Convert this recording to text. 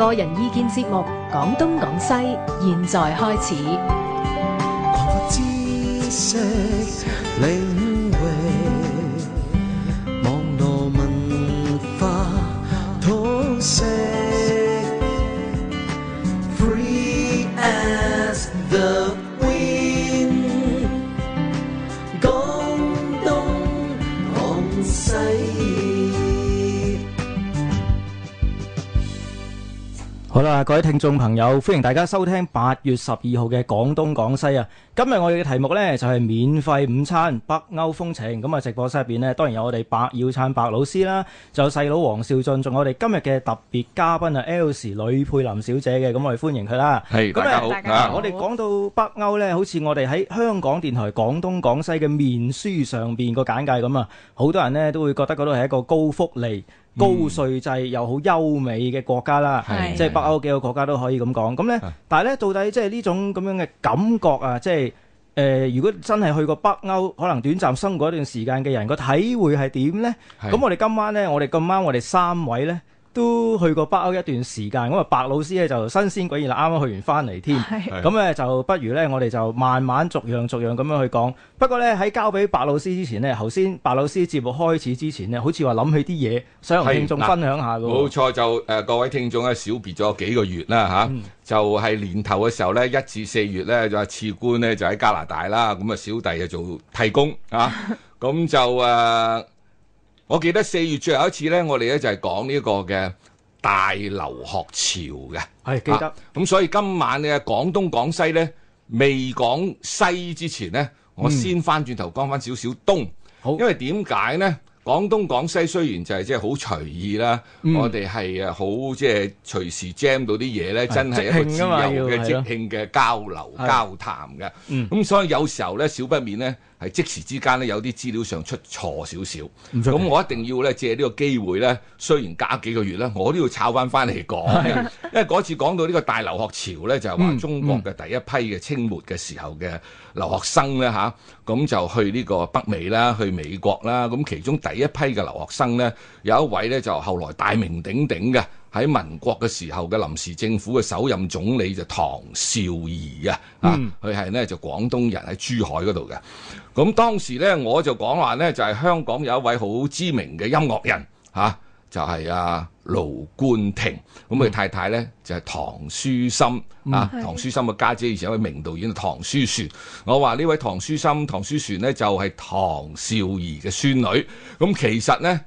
個人意見節目《講東講西》，現在開始。 好啦，各位聽眾朋友，歡迎大家收聽八月十二號嘅廣東廣西啊！今日我哋嘅題目呢就係免費午餐北歐風情。咁啊，直播室入邊呢，當然有我哋白耀燦白老師啦，仲有細佬王兆俊，仲有我哋今日嘅特別嘉賓啊，Els 女珮琳小姐嘅，咁我哋歡迎佢啦。係大家好，我哋講到北歐呢，好似我哋喺香港電台廣東廣西嘅面書上邊個簡介咁啊，好多人呢都會覺得嗰度係一個高福利。嗯、高稅制又好優美嘅國家啦，是即係北歐幾個國家都可以咁講。咁咧的，呢但係咧，到底即係呢種咁樣嘅感覺啊，的即係誒、呃，如果真係去過北歐，可能短暫生活一段時間嘅人個體會係點咧？咁的我哋今晚咧，我哋咁啱我哋三位咧，都去過北歐一段時間，咁啊白老師咧就新鮮鬼熱啦，啱啱去完翻嚟添，咁咧是就不如咧我哋就慢慢逐樣逐樣咁樣去講。不過咧喺交俾白老師之前呢，頭先白老師節目開始之前呢，好似話諗起啲嘢想同聽眾分享下嘅。冇、啊、錯，就誒、呃、各位聽眾啊，小別咗幾個月啦吓，啊嗯、就係年頭嘅時候咧，一至四月咧就係次官呢，就喺加拿大啦，咁啊小弟就做替工啊，咁 就誒。呃我記得四月最後一次呢，我哋呢就係講呢個嘅大留學潮嘅，係記得。咁、啊、所以今晚嘅廣東廣西呢，未講西之前呢，我先翻轉頭講翻少少東。好、嗯，因為點解呢？廣東廣西雖然就係即係好隨意啦，嗯、我哋係誒好即係隨時 jam 到啲嘢呢，真係一個自由嘅即興嘅交流的交談嘅。咁、嗯、所以有時候呢，少不免呢。係即時之間咧，有啲資料上出錯少少，咁我一定要咧借呢個機會咧，雖然隔幾個月啦，我都要炒翻翻嚟講， 因為嗰次講到呢個大留學潮呢，就係話中國嘅第一批嘅清末嘅時候嘅留學生呢嚇，咁、嗯嗯啊、就去呢個北美啦，去美國啦，咁其中第一批嘅留學生呢有一位呢就後來大名鼎鼎嘅。喺民國嘅時候嘅臨時政府嘅首任總理就唐紹儀、嗯、啊，啊，佢係呢，就廣東人喺珠海嗰度嘅。咁、嗯、當時呢，我就講話呢，就係、是、香港有一位好知名嘅音樂人嚇、啊，就係、是、阿、啊、盧冠廷。咁佢太太呢，就係、是、唐書心、嗯、啊，唐書心嘅家姐，姐以前一位名導演啊、嗯，唐書璇。我話呢位唐書心、唐書璇呢，就係、是、唐紹儀嘅孫女。咁其實呢。